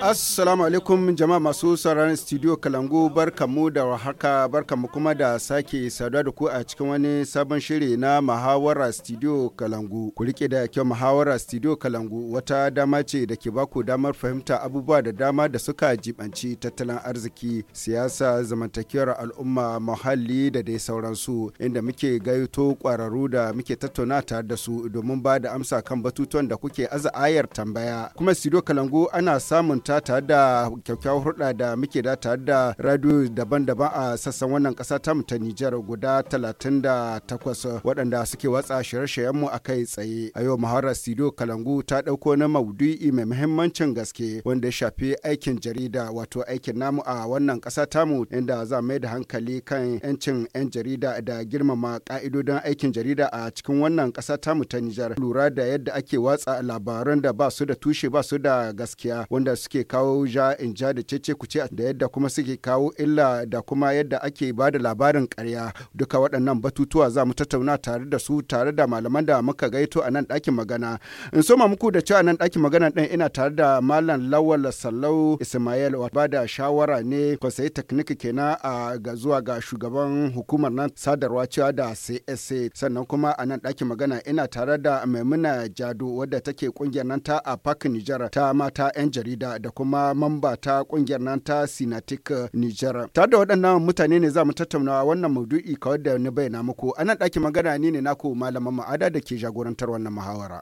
Assalamu alaikum jama'a masu sauraron studio Kalangu barkamu da haka barkamu kuma da sake saduwa da ku a cikin wani sabon shiri na Mahawara Studio Kalangu. Ku rike da kyau Mahawara Studio Kalangu wata dama ce da ke baku damar fahimta abubuwa da dama da suka jibanci tattalin arziki, siyasa, zamantakewar al'umma, muhalli da dai sauransu inda muke gaito kwararru da muke tattauna tare da su domin ba da amsa kan batutuwan da kuke aza ayar tambaya. Kuma Studio Kalangu ana samun ta tare da kyakkyawar hulɗa da muke da tare da radio daban-daban a sassan wannan ƙasa ta mu ta Nijar guda 38 waɗanda suke watsa shirye-shiryen mu akai tsaye. A yau muhawarar Sido Kalangu ta ɗauko na maudu'i mai muhimmancin gaske wanda ya shafi aikin jarida wato aikin namu a wannan ƙasa tamu inda za mai da hankali kan 'yancin 'yan jarida da girmama ƙa'idodin aikin jarida a cikin wannan ƙasa tamu ta Nijar. Lura da yadda ake watsa labaran da ba su da tushe ba su da gaskiya wanda da suke kawo ja in ja da cece kuce da yadda kuma suke kawo illa da kuma yadda ake ba da labarin karya duka waɗannan batutuwa za mu tattauna tare da su tare da malaman da muka gaito a nan ɗakin magana in soma muku da cewa nan ɗakin magana ɗin ina tare da malam lawal sallau ismail wa. ba da shawara ne kwasayi teknik kenan a ga zuwa ga shugaban hukumar nan sadarwa cewa da csa sannan kuma a nan ɗakin magana ina tare da maimuna jado wadda take kungiyar nan ta a park nijar ta mata 'yan jarida da da kuma mamba ta kungiyar nan ta Sinatik eh, Niger. Tare da waɗannan mutane ne za mu tattauna wannan maudu'i kawai da ni bayyana muku. Anan ɗakin magana ne ne naku malaman ma'ada da ke jagorantar wannan muhawara.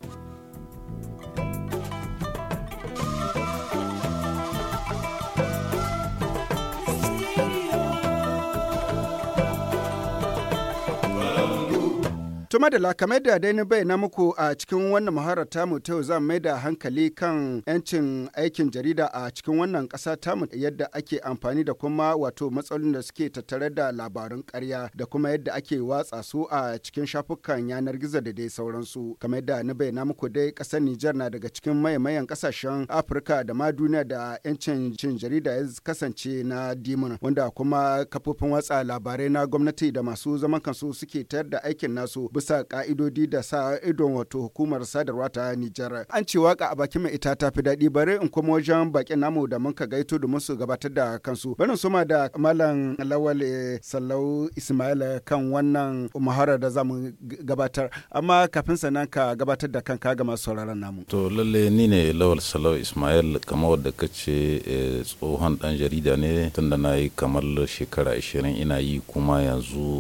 Tuma madala kamar yadda dai na bayyana muku a cikin wannan muharar mu ta zan mai da hankali kan 'yancin aikin jarida a cikin wannan ƙasa mu yadda ake amfani da kuma wato matsalolin da suke tattare da labarun ƙarya da kuma yadda ake watsa su a cikin shafukan yanar gizo da dai sauransu. Kamar yadda na bayyana muku dai ƙasar Nijar na daga cikin mayan ƙasashen Afirka da ma duniya da 'yancin cin jarida ya kasance na dimun wanda kuma kafofin watsa labarai na gwamnati da masu zaman kansu suke tayar da aikin nasu bisa ka'idodi da sa idon wato hukumar sadarwa ta Nijar. An ce waka a bakin mai ita ta fi daɗi bare in kuma wajen bakin namu da mun ka gaito da musu gabatar da kansu. Barin suma da malam Lawal eh, Sallau Ismail kan wannan muhara da zamu gabatar. Amma kafin sanan ka gabatar da kanka ga masu sauraron namu. To lalle ni ne Lawal Sallau Ismail kamar wadda kace eh, tsohon dan jarida ne tunda na yi kamar shekara 20 ina yi kuma yanzu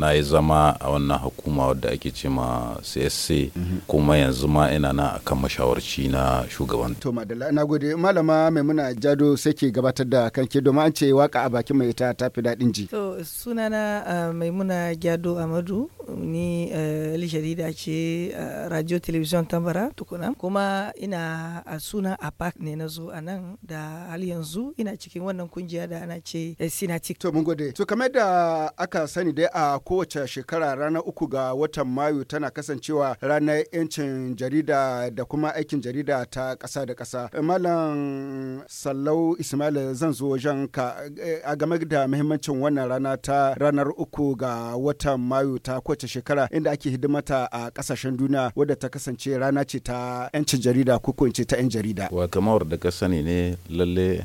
na yi zama a wannan hukuma wadda da ake ce ma csc kuma yanzu ma ina na akan mashawarci na shugaban to madalla na gode malama maimuna jado sai ke gabatar da kanke domin an ce waka a bakin mai ta tafi daɗin ji to sunana uh, maimuna jado amadu ni uh, da ce uh, radio television tambara tukuna kuma ina a suna a park ne na zo a nan da hal yanzu ina cikin wannan kungiya da ana ce eh, sinatik to mun gode to kamar da aka sani dai a kowace shekara ranar uku ga wata watan Mayu tana kasancewa ranar 'yancin jarida da kuma aikin jarida ta ƙasa da ƙasa. Malam Sallau Ismail zan zo wajen ka eh, a game da muhimmancin wannan rana ta ranar uku ga watan Mayu ta kowace shekara inda ake hidimata a ƙasashen duniya wadda ta kasance rana ce ta 'yancin jarida ko ce ta 'yan jarida. Wa kamar da ka sani ne lalle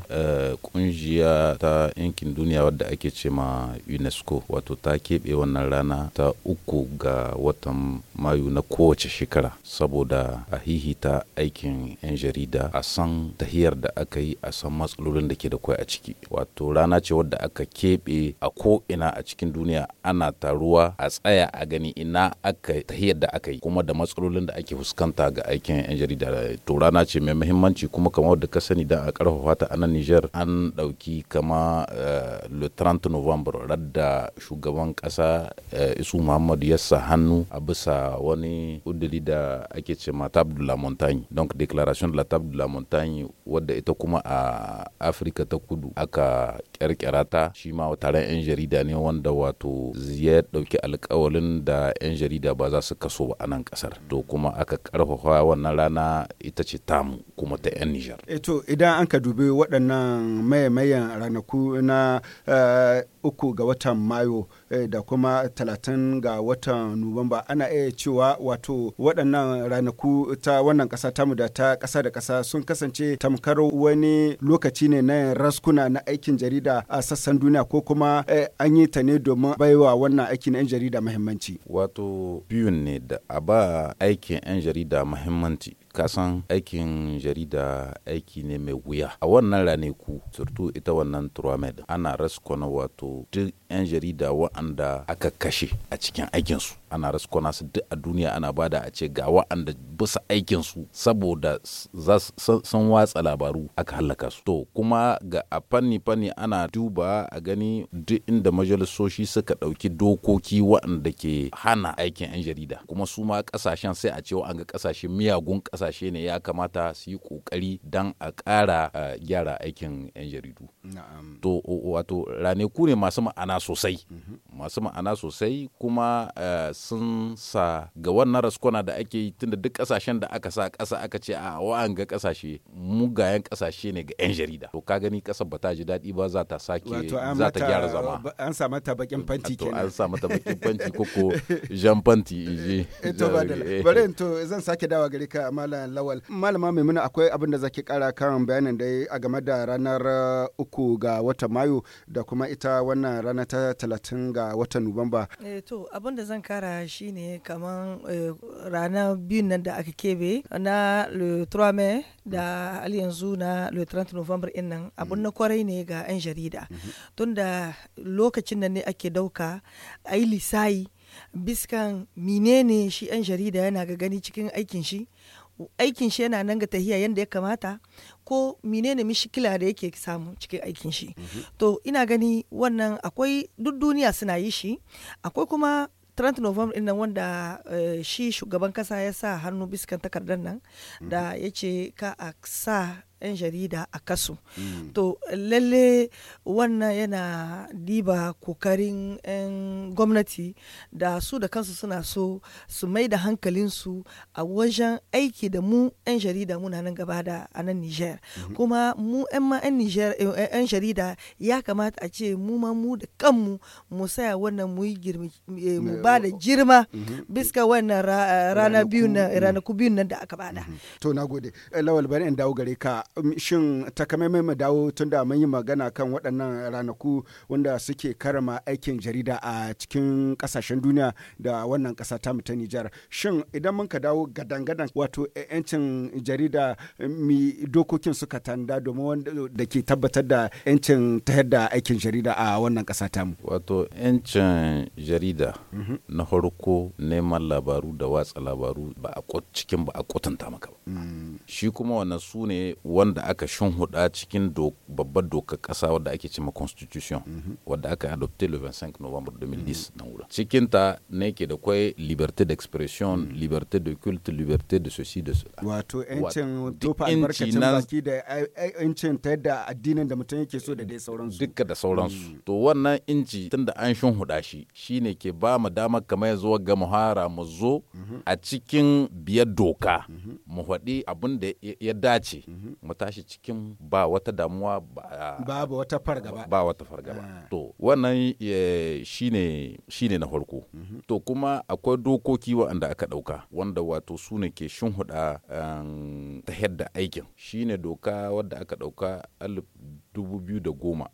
kungiya eh, ta yankin duniya wadda ake ce ma UNESCO wato ta keɓe wannan rana ta uku ga watan mayu na kowace shekara saboda a hihita aikin 'yan jarida a san tahiyar da aka yi a san matsalolin da ke da kwai a ciki wato rana ce wadda aka keɓe a ko ina a cikin duniya ana taruwa a tsaya a gani ina aka tahiyar da aka yi kuma da matsalolin da ake fuskanta ga aikin 'yan jarida to rana ce mai muhimmanci kuma kamar da ka sani da a karfafa ta a nan Niger an ɗauki kama eh, le 30 novembre. radda shugaban ƙasa eh, Isu Muhammadu yassa hannu hannu a bisa wani udiri da ake ce ma table de la montagne donc déclaration de la table de la montagne wadda ita kuma a afirka ta kudu aka kyarkyara ta shi ma taron 'yan jarida ne wanda wato ya dauki alkawalin da 'yan jarida ba za su kaso ba a nan kasar to kuma aka karfafa wannan rana ita ce tamu kuma ta 'yan nijar eto eh, idan an ka dubi waɗannan mayan ranaku na eh, uku ga watan mayo Eh, da kuma 30 ga watan nuwamba ana iya cewa wato waɗannan ranaku ta wannan ƙasa tamu da ta ƙasa da ƙasa sun kasance tamkar wani lokaci ne na raskuna na aikin jarida a sassan duniya ko kuma eh, an yi ta ne domin baiwa wannan aikin 'yan jarida muhimmanci wato biyun ne da a ba aikin 'yan jarida muhimmanci kasan aikin jarida aiki ne mai wuya a wannan ranaku surtu ita wannan tromed ana raskona wato duk 'yan jarida wa'anda aka kashe a cikin aikinsu ana raskona su duk a duniya ana bada a ce ga wa'anda bisa aikinsu saboda sun watsa labaru aka halaka su to kuma ga a fanni fanni ana duba a gani duk inda majalisoshi suka ɗauki dokoki wa'anda ke hana aikin 'yan jarida kuma su ma ƙasashen sai a ce wa'anga ƙasashen miyagun ƙasa kasashe ne ya kamata su yi kokari dan a ƙara gyara aikin 'yan jaridu to wato ku ne masu ma'ana sosai mhm. masu ma'ana sosai kuma sun sa ga wannan raskona da ake yi tunda duk kasashen da aka sa ƙasa aka ce a ga kasashe mugayen kasashe ne ga 'yan jarida to ka gani ƙasar ba ta ji daɗi ba za ta sake za ta gyara zama an sa mata bakin fanti kenan an sa mata bakin fanti koko jan fanti ije eh, to bari to zan sake dawa gare ka amma malam lawal malama maimuna akwai abin da zaki kara kan bayanin da a game da ranar uh, uku ga watan mayu da kuma ita wannan rana ta talatin ga watan nuwamba eh, to abin da zan kara shine kamar eh, ranar biyun nan da aka kebe na le 3 mai da hal yanzu na le 30 november din nan abin na mm. kwarai ne ga 'yan jarida mm-hmm. tunda lokacin nan ne ake dauka a yi lisayi biskan menene shi 'yan jarida yana ga gani cikin aikin shi aikin shi yana nan ga tahiya yadda ya kamata ko menene mishikila da yake samu cikin aikin shi mhm. to ina gani wannan akwai duk duniya suna yi shi akwai kuma 30 November nan wanda eh, shi shugaban kasa ya sa hannu biskan takardar nan mhm. da ya ce ka a sa 'yan jarida a kasu mm. to lalle wannan yana diba kokarin 'yan gwamnati da su da kansu suna so su mai da hankalinsu a wajen aiki da mu 'yan jarida muna nan gaba da a nan niger mm-hmm. kuma mu 'yan ma eh, 'yan jarida ya kamata a ce mu ma mu da kanmu mu saya wannan mu yi eh, mu ba da girma mm-hmm. biska wannan eh, na ranaku biyu mm-hmm. nan da aka bada to na gode lawal bari in dawo gare ka Um, shin takamaimai mu dawo tunda mun yi magana kan waɗannan ranaku wanda suke karama aikin jarida a cikin ƙasashen duniya da wannan ƙasa ta ta Nijar. Shin idan mun ka dawo gadan-gadan wato e, 'yancin jarida mi dokokin suka tanda domin wanda da ke tabbatar da 'yancin ta yadda aikin jarida a wannan ƙasa ta mu. Wato 'yancin jarida mhm. na farko neman labaru da watsa labaru ba a cikin ba a kwatanta maka ba. Mm. Shi kuma wannan su ne wanda aka shunhuda cikin babbar dokar kasa wadda ake cima constitution mhm. wadda aka adopte le 25 novembre 2010 mhm. nan wurin cikin ta ne ke da kwai liberté d'expression mhm. liberté de culte liberté de ceci de cela wato yancin tofa albarkacin baki da yancin ta yadda addinin da mutum yake so da dai sauransu duka da sauransu to wannan inci tunda an shunhuda shi shine ke ba mu dama kamar yanzu ga muhara mu zo a cikin biyar doka mu faɗi abin da ya dace mu tashi cikin ba wata damuwa ba. ba wata fargaba ba wata fargaba ah. to wannan eh, shine shine na farko mhm. to kuma akwai dokoki waɗanda aka ɗauka wanda wato su ne ke shinhuda um, ta yadda aikin shine doka wadda aka ɗauka alif dubu biyu da goma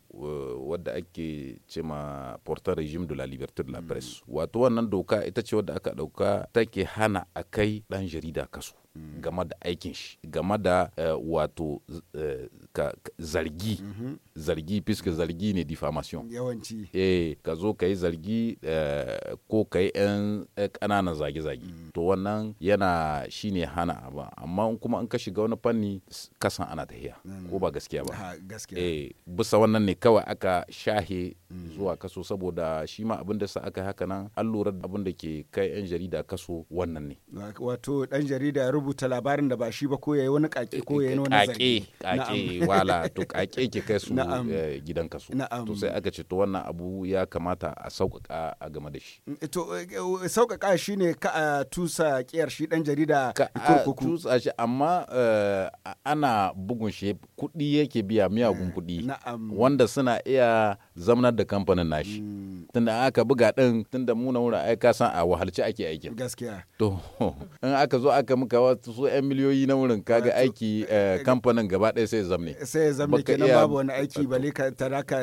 wadda ake ce ma portar regime de la liberté de la mm. presse wato wannan doka ita ce wadda aka ɗauka take hana a kai ɗan jarida kaso game da aikin shi game da eh, wato eh, ka zargi mhm. zargi puisque zargi ne diffamation yawanci eh ka zo ka yi zargi eh, ko ka yi yan ƙananan zage-zage mm. to wannan yana shine hana ba amma kuma an ka shiga wani fanni kasan ana tahiya mm. ko ba gaskiya ba eh bisa wannan ne kawai aka shahe mm. zuwa kaso saboda shi ma abin da sa aka haka nan an lura da abin da ke kai yan jarida kaso wannan ne wato dan jarida rubuta labarin da ba shi ba ko yayi wani kake ko yayi wani eh, eh, zargi wala to a keke kai su eh, gidan su to sai aka ce to wannan abu ya kamata a sauƙaƙa a game da shi mm, to eh, sauƙaƙa shine ka a tusa kiyar shi dan jarida kurkuku tusa shi amma eh, ana bugun shi kuɗi yake biya miyagun kuɗi wanda suna iya zamanar da kamfanin nashi mm. tunda aka buga din tunda mu na wurin ka san a wahalci ake aikin gaskiya to in aka zo aka muka wasu 'yan miliyoyi na wurin kaga aiki kamfanin gaba ɗaya sai zamne ne sai ya zama kenan babu wani aiki bale ka tara ka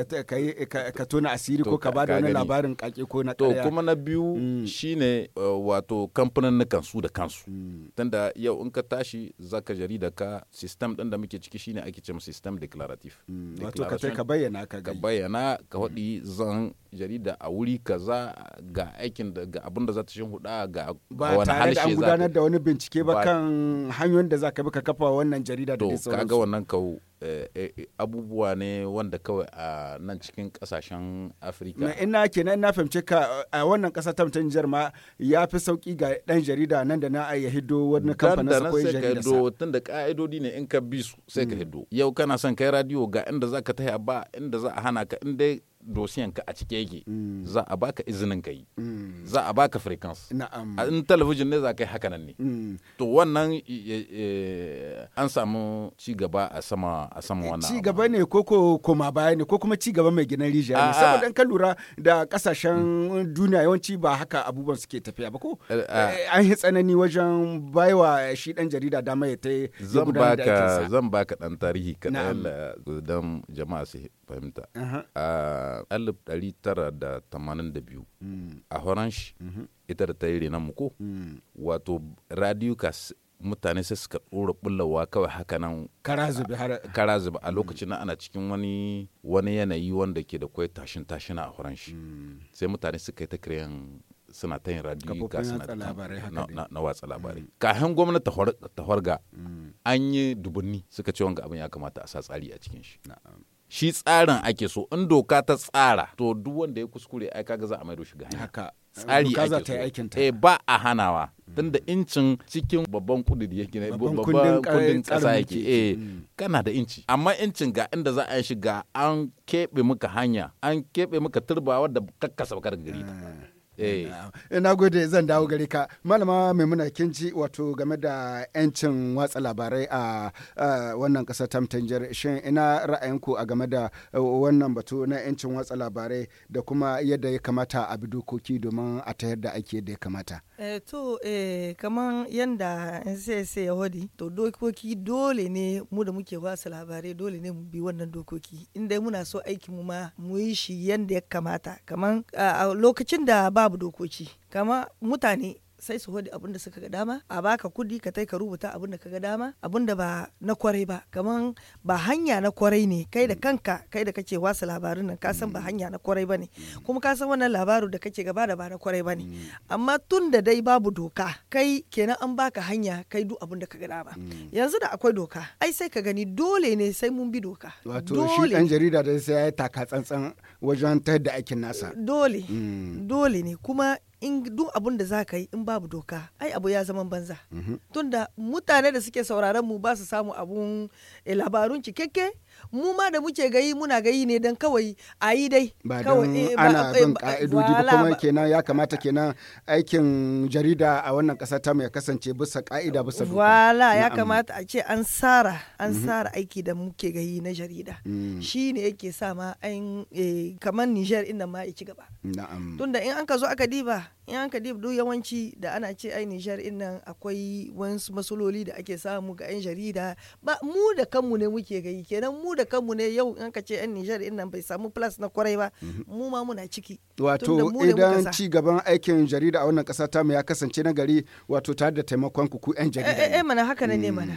ka tona asiri ko ka bada wani labarin kake ko na to kuma na biyu mm. shine uh, wato kamfanin kansu da kansu mm. tunda yau in ka tashi zaka jarida ka system din da muke ciki shine ake cewa system declarative mm. wato ka ka bayyana ka bayyana ka hodi zan jarida a wuri kaza ga aikin da ga abin da za ta huda ga wani halshe za an gudanar da wani bincike ba kan hanyoyin da za ka bi ka kafa wannan jarida da dai sauransu to kaga wannan kawo eh, eh, abubuwa ne wanda kawai a nan cikin kasashen afirka na ina na ina fahimce ka a wannan kasa ta mutan Nijar ma ya fi sauki ga dan jarida nan da na a ya hiddo wani kamfanin sa ko jarida sa ka'idodi ne in ka bi su sai ka mm. hiddo yau kana son kai radio ga inda za ka taya ba inda za a hana ka inda. dosiyan ka a cike yake mm. za a baka izinin ka mm. za a baka frequency in talabijin ne za ka yi hakanan ne mm. to wannan eh, eh, an samu ci gaba a sama a sama eh, wannan ci gaba ne ko ko koma baya ne ko kuma ci gaba mai gidan rijiya ne saboda ka lura da kasashen duniya yawanci ba haka abubuwan suke tafiya ba ko ah. an yi tsanani wajen baiwa shi dan jarida dama ya ta zan baka zan baka dan tarihi kadan don jama'a su fahimta a alif dari tara da tamanin da biyu hmm. a horanshi mhm. ita da ta yi renan muku hmm. wato radio mutane sai suka ɗora bullawa kawai haka nan kara zuba a hmm. lokacin ana cikin wani wani yanayi wanda ke da kwai tashin tashina a horanshi sai mutane suka yi ta kiran suna ta yin radio ka suna na watsa labarai kahin gwamnati ta horga an yi dubunni suka ce wanga abin ya kamata a sa tsari a cikin shi shi tsarin ake so in doka ta tsara to duk wanda ya kuskure ai kaga za a maido shi ga haka tsari ake so eh ba a hanawa tunda incin cikin babban kudin yake ne babban kudin kasa yake eh mm. kana da inci amma incin ga inda za a shiga an keɓe muka hanya an keɓe muka turba wadda kakkasa bakar gari ta ah. Eh. Eh, na gode zan dawo gare ka malama maimuna kinji wato game da yancin watsa labarai a wannan kasa ta tanjar shin ina ra'ayinku a game da eh, wannan batu na yancin watsa labarai da kuma yadda ya kamata a bi dokoki domin a ta yadda ake da ya kamata to kamar yadda ncsa ya hodi to dokoki dole ne mu da muke watsa labarai dole ne mu bi wannan dokoki inda muna so aikin mu ma mu yi shi yadda ya kamata kamar lokacin da ba babu dokoki kama mutane sai su hodi abin da suka ga dama a baka kudi ka tai ka rubuta abin ka ga dama abin da ba na kwarai ba kaman ba hanya na kwarai ne kai da kanka kai da kake wasu labarin nan ka san ba mm. hanya na kwarai ba ne mm. kuma ka san wannan labarin da kake gaba da ba na kwarai ba ne mm. amma tun da dai babu doka kai kenan an baka hanya kai duk abin da ka ga dama yanzu da akwai doka ai sai ka gani dole ne sai mun bi doka wato shi dan jarida da sai ya taka tsantsan wajen tayar da aikin nasa dole dole ne kuma in duk abun da za ka yi in babu doka ai abu ya zama banza mhm. tunda mutane da suke sauraron mu ba su samu abun eh, labarun cikakke mu ma da muke gayi muna gayi ne don kawai a yi dai ba don eh, ana bin ka'idodi eh, ba kuma kenan ya kamata kenan aikin jarida a wannan kasa ta mai kasance bisa ka'ida bisa doka wala ya kamata a ce an tsara an mhm. tsara aiki da muke gayi na jarida mm. shi ne yake sa ma eh, kamar Nijar inda ma ya ci gaba tunda in an ka zo aka diba in an ka duk yawanci da ana ce ai Nijar in nan akwai wasu masololi da ake samu ga 'yan jarida ba mu da kanmu ne muke gayi kenan mu da kanmu ne yau in ka ce 'yan Nijar in nan bai samu plus na kwarai ba mhm. mu ma muna ciki wato idan ci gaban aikin jarida a wannan kasa ta mu ya kasance na gari wato tare da taimakon ku ku 'yan jarida eh, eh, eh mana haka ne mm. mana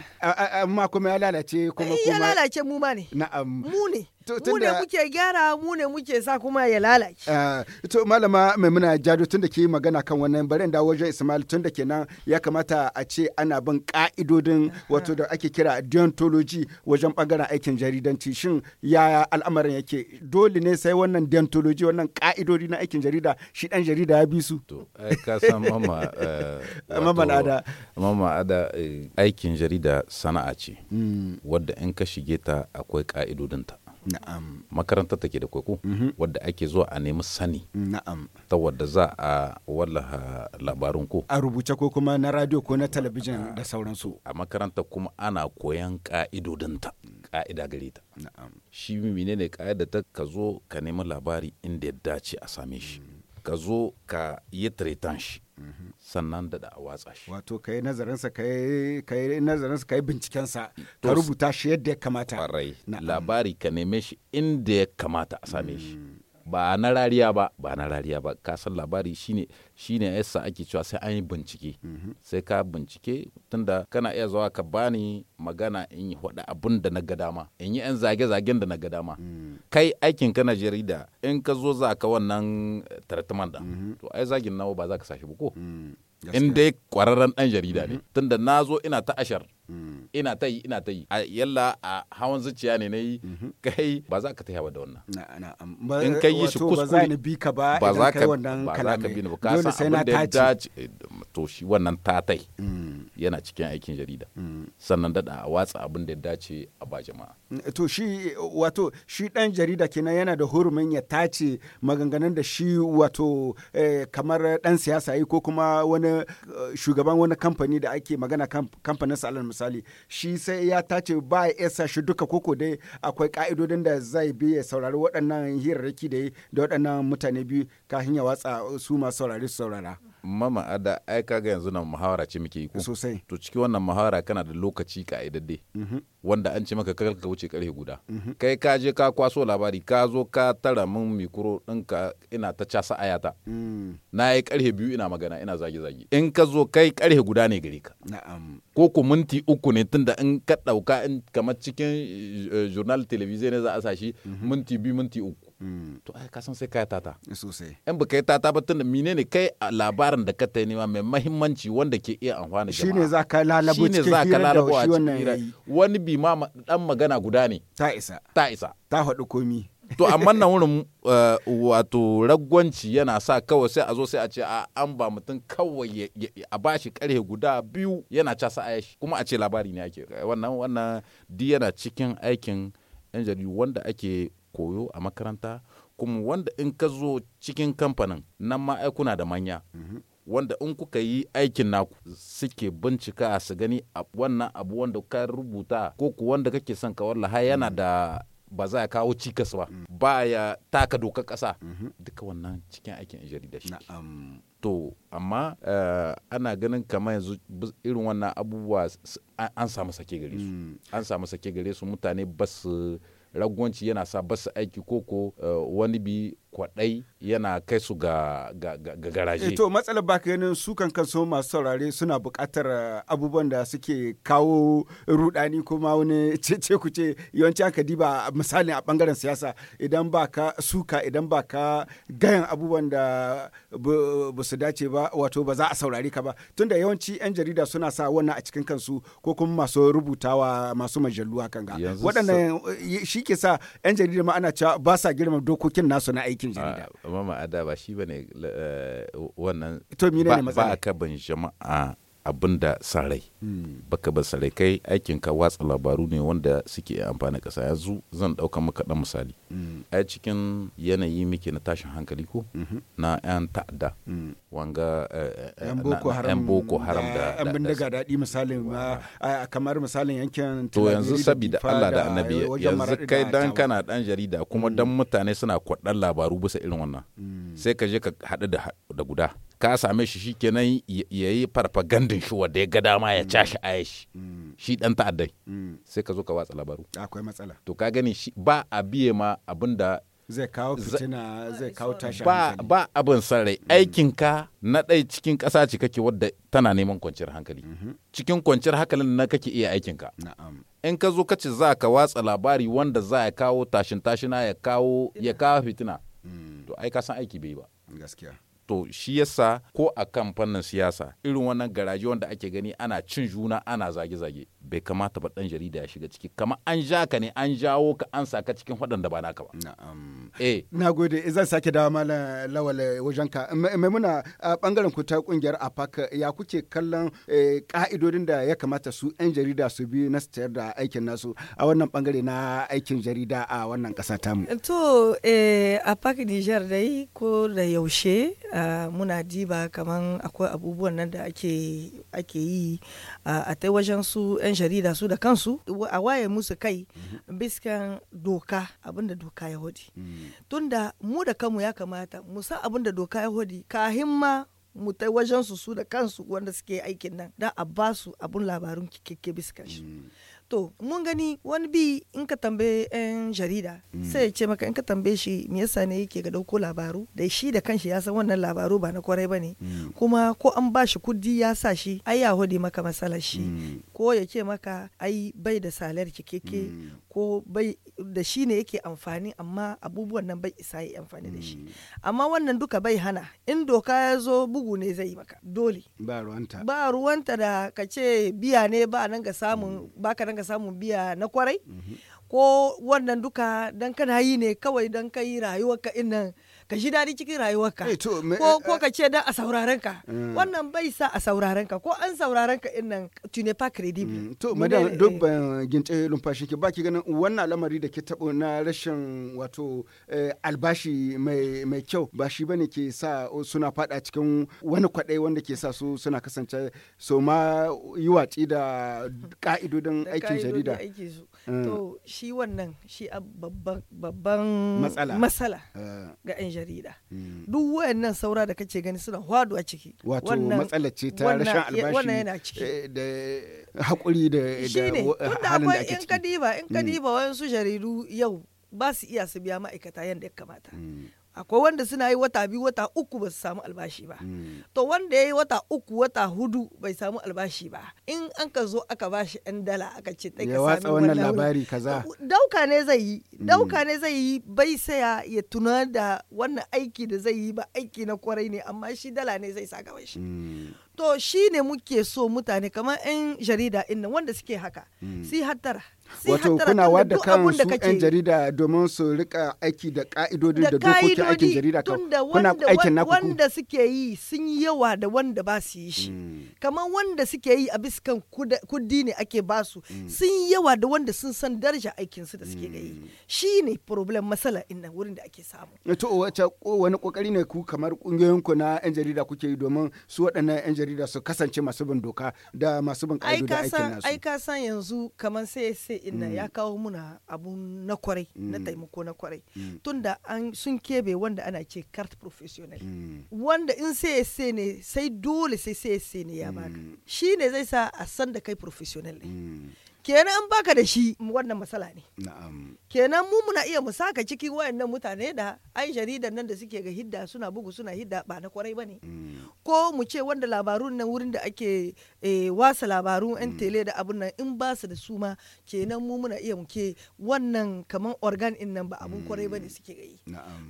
amma kuma ya lalace kuma eh, kuma ya lalace mu ma ne na'am mu ne mu ne muke gyara mu ne muke sa kuma ya lalace. Uh, to malama maimuna jado tun da ke magana kan wannan bari da wajen ismail tun da kenan ya kamata a ce ana bin ka'idodin wato da ake kira deontology wajen bangaren aikin jaridanci shin yaya al'amarin yake dole ne sai wannan deontology wannan ka'idodi na aikin jarida shi dan jarida ya bi su. To ka san mama uh, mama ada mama ada eh, aikin jarida sana'a ce mm. wadda in ka shige ta akwai ka'idodin ta. na'am makarantar take da koko mhm. wadda ake zuwa a nemi sani na'am ta wadda za a wallaha labarin ko a rubuce ko kuma na radio ko na talabijin da sauransu a makarantar kuma ana koyan ka'idodinta ka'ida gare ta na'am shi menene ka'ida ta ka zo ka nemi labari inda ya dace a same shi ka zo ka yi tretan shi sannan da a watsa shi wato ka yi nazarinsa ka yi nazarinsa ka yi bincikensa ka rubuta shi yadda ya kamata labari ka neme shi inda ya kamata a same shi ba na rariya ba ba na rariya ba ka labari shine shine yasa ake cewa sai an yi bincike mhm. sai ka bincike tunda kana iya zuwa ka bani magana in yi hada abun da na ga dama in yi yan zage zagen da na ga dama mm. kai aikin ka na jarida in ka zo za ka wannan eh, tartaman da mhm. to ai zagin nawa ba za ka sashi ba ko mm. in dai kwararren dan jarida ne mhm. tunda na zo ina ta ashar Mm. ina ta yi ina ta yi a yalla a hawan zuciya ne na yi mm-hmm. kai ba za ka ta yawa da wannan in kai yi shi kuskure ba za ka bi ka ba za ka bi ne ba ka san abin da ya dace eh, to shi wannan tatai mm. yana cikin aikin jarida mm. sannan dada a watsa abin da ya dace a ba jama'a to shi wato shi dan jarida kenan yana da hurumin ya tace maganganun da shi wato eh, kamar dan siyasa yi ko kuma wani eh, shugaban wani kamfani da ake magana kamfanin sa misali shi sai ya tace ba ya sa shi duka koko dai akwai ka'idodin da zai bi ya saurari waɗannan hirarraki da da waɗannan mutane biyu kafin ya watsa su masu saurari su saurara. mama ada ai kaga yanzu nan muhawara ce muke yi ko sosai to cikin wannan muhawara kana da lokaci ka'idadde mhm. wanda an ce maka kakar ka wuce karfe guda mhm. kai ka je ka kwaso labari ka zo ka tara min mikro ɗinka ina ta casa ayata mm. na yi karfe biyu ina magana ina zagi-zagi. in ka zo kai karfe guda ne gare ka ko ku minti uku ne tunda in ka ɗauka kamar cikin eh, journal television ne za a sa shi mhm. minti biyu minti uku Mm. to ai kasan sai kai tata sosai in baka yi tata ba tunda mine ne kai labarin da ka ta nema mai mahimmanci wanda ke iya amfana jama'a shine za ka lalabo cikin za ka lalabo a cikin wani bi ma dan magana guda ne ta isa ta isa ta faɗi komi to amma nan wurin eh, wato ragwanci yana sa kawai sai a zo sai a ce a an ba mutum kawai a bashi karhe guda biyu yana sa ayashi kuma a ce labari ne ake wannan wannan di yana cikin aikin yan jaridu wanda ake koyo a makaranta kuma wanda in ka zo cikin kamfanin nan ma aikuna da manya mhm. wanda in kuka yi aikin naku suke bincika su gani wannan abu wanda ka rubuta ko ku wanda kake son ka wallaha yana mhm. da ba za a kawo cikas ba mm. ba ya taka dokar ƙasa mhm. duka wannan cikin aikin jarida shi to amma eh, ana ganin kamar yanzu irin wannan abubuwa an samu sake gare su mm. an samu sake gare su mutane ba su ragwanci yana sa basu aiki koko eh, wani bi kwadai yana kai su ga, garaje. Eh, to matsalar ba ganin su kan kansu masu saurare suna bukatar eh, abubuwan da suke kawo rudani kuma wani cece kuce yawanci aka diba misali a bangaren siyasa idan ba ka suka idan ba ka gayan abubuwan da ba su dace ba wato ba za a saurari ka ba tunda yawanci 'yan jarida suna sa wannan a cikin kansu ko kuma masu rubutawa masu majallu hakan ga waɗannan eh, shi ke sa 'yan jarida ma ana cewa ba sa girma dokokin nasu na aiki aikin jarida mama ada ba shi bane eh, wannan ba a kabin jama'a abin da san rai baka ba sarai kai aikin ka watsa labaru ne wanda suke amfani ƙasa yanzu zan ɗauka maka dan misali mm. a cikin yanayi muke na tashin hankali ko mm-hmm. na 'yan ta'adda mm. wanga 'yan eh, eh, eh, boko haram da 'yan bindiga daɗi misalin kamar misalin yankin to yanzu sabida allah da annabi yanzu kai dan kana dan jarida kuma dan mm. mutane suna kwadan labaru bisa irin wannan sai ka je ka haɗu da guda ka same shi shi kenan ya yi farfagandin shi wadda ya ga dama ya ca shi aya shi shi dan ta'addai sai ka zo ka watsa labaru akwai matsala to ka gani ba a biye ma abin da zai kawo fitina zai kawo tashi ba ba abin san rai mm. aikin ka na ɗai cikin ƙasa ce kake wadda tana neman kwanciyar hankali mm-hmm. cikin kwanciyar hankalin na kake iya aikin ka in ka zo kace za ka watsa labari wanda za ya kawo tashin tashina ya kawo ya kawo fitina mm. to ai ka san aiki bai ba gaskiya to shi yasa ko a kan fannin siyasa irin wannan garaje wanda ake gani ana cin juna ana zage-zage bai kamata ba dan jarida ya shiga ciki kamar an ja ka ne an jawo ka an saka cikin waɗanda ba naka ba eh na gode zan sake dawo mala lawal eh, wajen ka mai muna bangaren ku ta kungiyar apak ya kuke kallon ka'idodin eh, da ya kamata su yan jarida su bi na tsayar da aikin nasu a wannan bangare na aikin jarida a wannan kasa mu eh, to apak Niger dai ko da yaushe muna diba kaman akwai abubuwan nan da ake yi a ta wajen su yan jarida su da kansu a waye musu kai mhm. biskan doka abinda doka ya hodi mm. tunda mu da kanmu ya kamata mu san abinda doka ya hodi kahin ma mu ta wajen su su da kansu wanda suke aikin nan da a ba su abun labarun kike biskan shi mm. to mun gani wani bi in ka tambaye yan jarida mm. sai ya ce maka in ka tambaye shi me yasa ne yake ga dauko labaru da shi da kanshi ya san wannan labaru ba na kwarai bane mm. kuma ko an ba shi kudi ya sa shi ai ya hode maka matsalar shi mm. ko ya ce maka ai bai da salar keke ko bai da shi ne yake amfani amma abubuwan nan bai isa yi amfani da shi amma wannan duka bai hana in doka ya zo bugu ne zai maka dole ba ruwanta ba ruwanta da ka ce biya ne ba nan ga samun baka nan ka samu biya na kwarai mhm. ko wannan duka don kana yi ne kawai dan kai rayuwarka innan ka ji daɗi cikin rayuwarka eh, ko ko eh, ka ce dan a sauraren ka eh. wannan bai sa a sauraren ka ko an sauraren ka in nan tune credible mm, to madam duk ban ginte lumfashi ki baki ganin wannan lamari da ke tabo na rashin wato albashi mai mai kyau ba shi bane ke sa suna fada cikin wani kwadai wanda ke sa su suna kasance so ma yi watsi da ka'idodin aikin jarida Mm. to shi wannan shi babban matsala eh. ga 'yan jarida mm. duk wayannan saura da kace gani suna hwadu a ciki wato matsala ce ta rashin albashi wannan yana ciki eh, da hakuri da halin da ake ciki in kadiba in mm. kadiba wayansu jaridu yau ba su iya su biya ma'aikata yadda ya kamata akwai wanda suna yi wata biyu wata uku ba su samu albashi ba mm. to wanda ya yi wata uku wata hudu bai samu albashi ba in an ka zo aka ba shi yan dala aka ce ta ka watsa wannan labari kaza dauka ne zai yi mm. dauka ne zai yi bai saya ya tuna da wannan aiki da zai yi ba aiki na kwarai ne amma shi dala ne zai sa gaban shi mm. to shi ne muke so mutane kamar yan jarida inna wanda suke haka si hattara wato kuna wadda kan su 'yan jarida domin su rika aiki da ka'idodin da dokokin aikin jarida kuna aikin naku wanda suke yi sun yi yawa da wanda ba su yi shi mm. kamar wanda suke yi a biskan kudi ne ake ba su mm. sun yi yawa da wanda sun san daraja aikin su da suke da yi mm. shi ne problem masala inna wurin da ake samu eh, to wace wani kokari ne ku kamar kungiyoyin ku na 'yan jarida kuke yi domin su waɗannan 'yan jarida su kasance masu bin doka da masu bin ka'idodin aikin nasu ai ka san yanzu kamar sai sai inna mm. ya kawo muna abu na kwarai na mm. taimako na kwarai mm. tunda an sun kebe wanda ana ce carte professional wanda in sai ne sai dole sai sai ne ya baka shi ne zai sa a san da kai professional ne kenan in baka da shi wannan matsala ne kenan mu muna iya mu saka ciki wayannan mutane da ai jaridar nan da suke ga hidda suna bugu suna hidda ba na kwarai bane mm. ko mu ce wanda labarun nan wurin da ake eh, wasa labarun yan mm. tele da abun nan in ba su da su ma kenan mu muna iya muke wannan kaman organ in nan ba abun kwarai bane mm. suke ga yi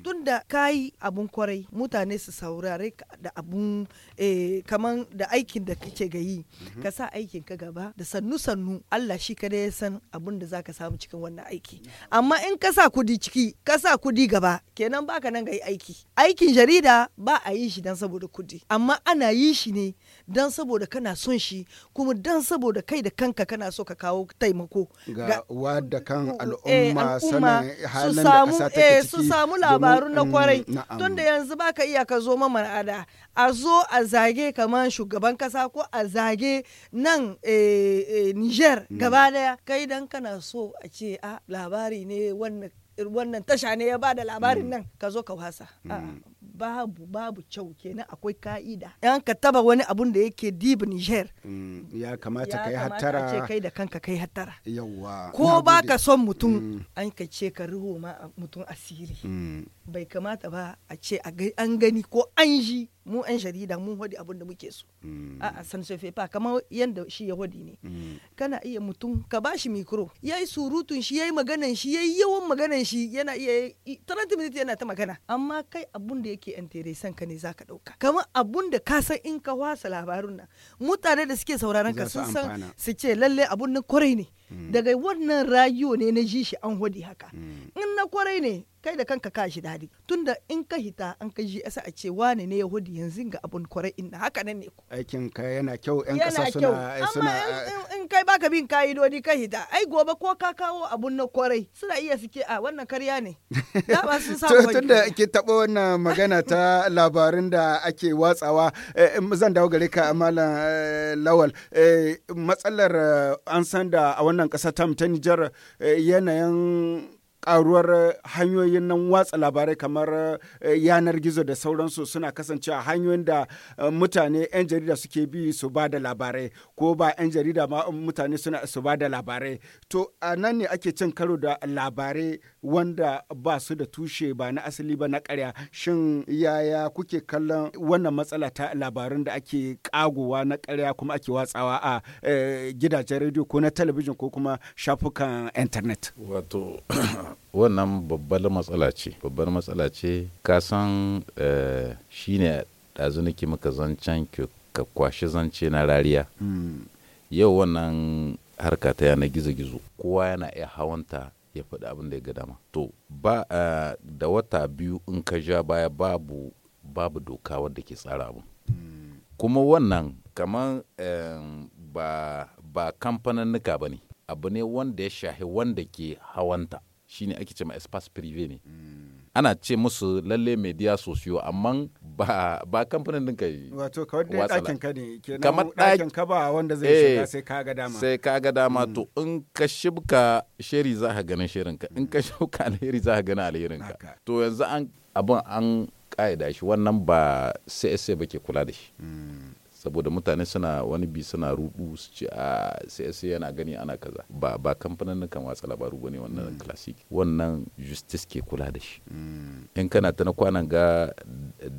tunda kai abun kwarai mutane su saurare da abun eh, kaman da aikin da kake ga yi mm-hmm. ka sa aikin ka gaba da sannu sannu Allah shi ka ya san abin da zaka samu cikin wannan aiki amma in ka sa kudi ciki ka sa kudi gaba kenan baka nan ga aiki aikin jarida ba a yi shi dan saboda kudi amma ana yi shi ne dan saboda kana son shi kuma dan saboda kai da kanka kana so ka kawo taimako ga wadda kan eh, al'umma sanin halin da ciki eh, su samu labaru na mm, kwarai tunda yanzu baka iya ka zo mamar ada a zo a zage kamar shugaban kasa ko a zage nan eh, Niger mm. gaba daya kai dan kana so a ce a ah, labari ne wannan tasha ne ya bada labarin mm. nan ka zo ka wasa babu babu kyau kenan akwai ka'ida yan ka taba wani abun da yake dib niger mm, ya kamata kai hattara ya kai da kanka kai hattara yawa ko baka son mutum mm. an ka ce ka riho ma mutum asiri mm. bai kamata ba a ce an gani ko an ji mu an jarida mun hodi abin da muke so mm. a san sofe fa kamar yanda shi ya hodi ne mm. kana iya mutum ka ba shi mikro ya yi surutun shi ya yi maganan shi ya yi yawan maganan shi yana iya 30 minutes yana ta magana amma kai abun da yake interesan ka ne za ka ɗauka kamar abun da ka san in ka wasa labarun nan mutane da suke sauraron ka sun san su ce lalle abun nan kwarai ne daga wannan rayu ne na ji shi an hodi haka mm. in na kwarai ne kai da kanka ka shi dadi tunda in ka hita an ka ji asa a ce wane ne yahudi yanzu ga abun kwarai inna haka nan ne ko aikin ka yana kyau yan kasa suna eh, suna in eh, kai baka bin ka'idodi ka hita ai gobe ko ka kawo abun na kwarai suna iya suke a wannan karya ne dama sun samu tunda ke tabo wannan magana ta labarin da ake watsawa eh, zan dawo gare ka malam lawal matsalar an san da a wannan wannan ƙasa tam ta Nijar eh, yanayin ƙaruwar hanyoyin nan watsa labarai kamar eh, yanar gizo da sauransu suna kasancewa hanyoyin da eh, mutane 'yan jarida suke bi su ba da labarai ko ba 'yan jarida ma mutane suna su ba da labarai to a nan ne ake cin karo da labarai wanda ba su da tushe ba na asali ba na karya shin yaya kuke kallon wannan matsala ta labarin da ake kagowa na karya kuma ake watsawa a eh, gidajen rediyo ko na talabijin ko kuma shafukan intanet wato wannan babbar matsala ce babbar matsala ce kasan eh, shine ɗazu muka maka zancen ka kwashi zance na rariya hmm. yau wannan harka ta yana gizo-gizo kowa yana iya hawanta ya faɗi abin da ya ga dama to ba eh, da wata biyu in ka ja baya babu babu doka wadda ke tsara abu kuma wannan kamar ba ba kamfaninnika ba ne abu ne wanda ya shahi wanda ke hawanta ne ake ce ma espace privé ne ana ce musu lalle media sosiyo amma ba ba kamfanin din kai wato kawai dai dakin ka ne kenan kamar dakin ka ba wanda zai shiga eh, sai ka ga dama sai ka ga dama hmm. to in ka shibka sheri za ka ganin shirin ka in ka hmm. shauka alheri za ka ganin alherin ka to yanzu an abin an ƙa'ida shi wannan ba sai ba ke kula da shi hmm. saboda mutane suna wani bi suna rubu su ce a sai yana gani ana kaza ba ba kamfanin kan watsa labaru bane wannan mm. classic wannan justice ke kula da shi mm. in kana ta na kwanan ga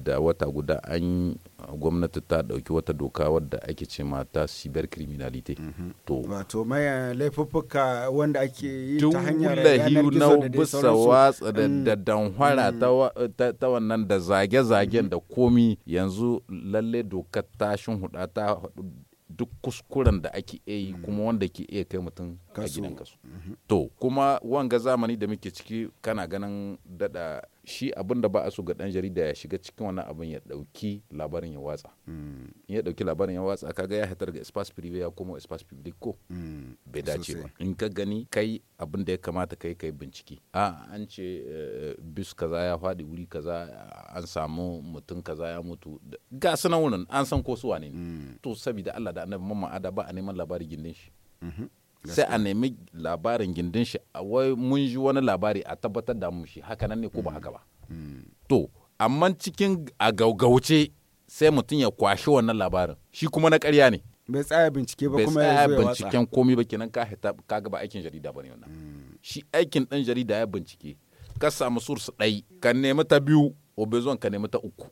da wata guda an gwamnati ta ɗauki wata doka wadda ake ce ta cyber criminality mhm. to wato maya eh, laifuffuka wanda ake yi ta hanyar yanar na da bisa watsa da mm. danhwara mm. ta wannan da zage-zagen mm-hmm. da komi yanzu lalle dokar ta huda ta duk kuskuren da ake yi mm. kuma wanda ke iya kai mutum a gidan kasu mm-hmm. to kuma wanga zamani da muke ciki kana ganin dada shi abin da ba a so ga dan jarida ya shiga cikin wannan abin ya dauki labarin ya watsa mm. in ya dauki labarin ya watsa kaga ya hatar ga espace privé ya koma espace public ko mm, bai dace ba in ka gani kai abin da ya kamata kai kai bincike a an ce eh, bis kaza ya faɗi wuri kaza an samu mutum kaza ya mutu ga sanan wurin an san ko su wane ne mm. to saboda Allah da annabi mamman ada ba a neman labarin gindin shi mm-hmm. sai a nemi labarin gindin shi wai mun ji wani labari a tabbatar da mu shi haka nan ne ko ba mm. haka ba mm. to amma cikin a gaugauce sai mutum ya kwashi wannan labarin shi kuma na ƙarya ne bai tsaya bincike ba kuma ya zo ya binciken komai ba kenan ka hita ka ga ba aikin jarida bane wannan mm. shi aikin dan jarida ya bincike ka samu source ɗai ka nemi ta biyu obezon ka nemi ta uku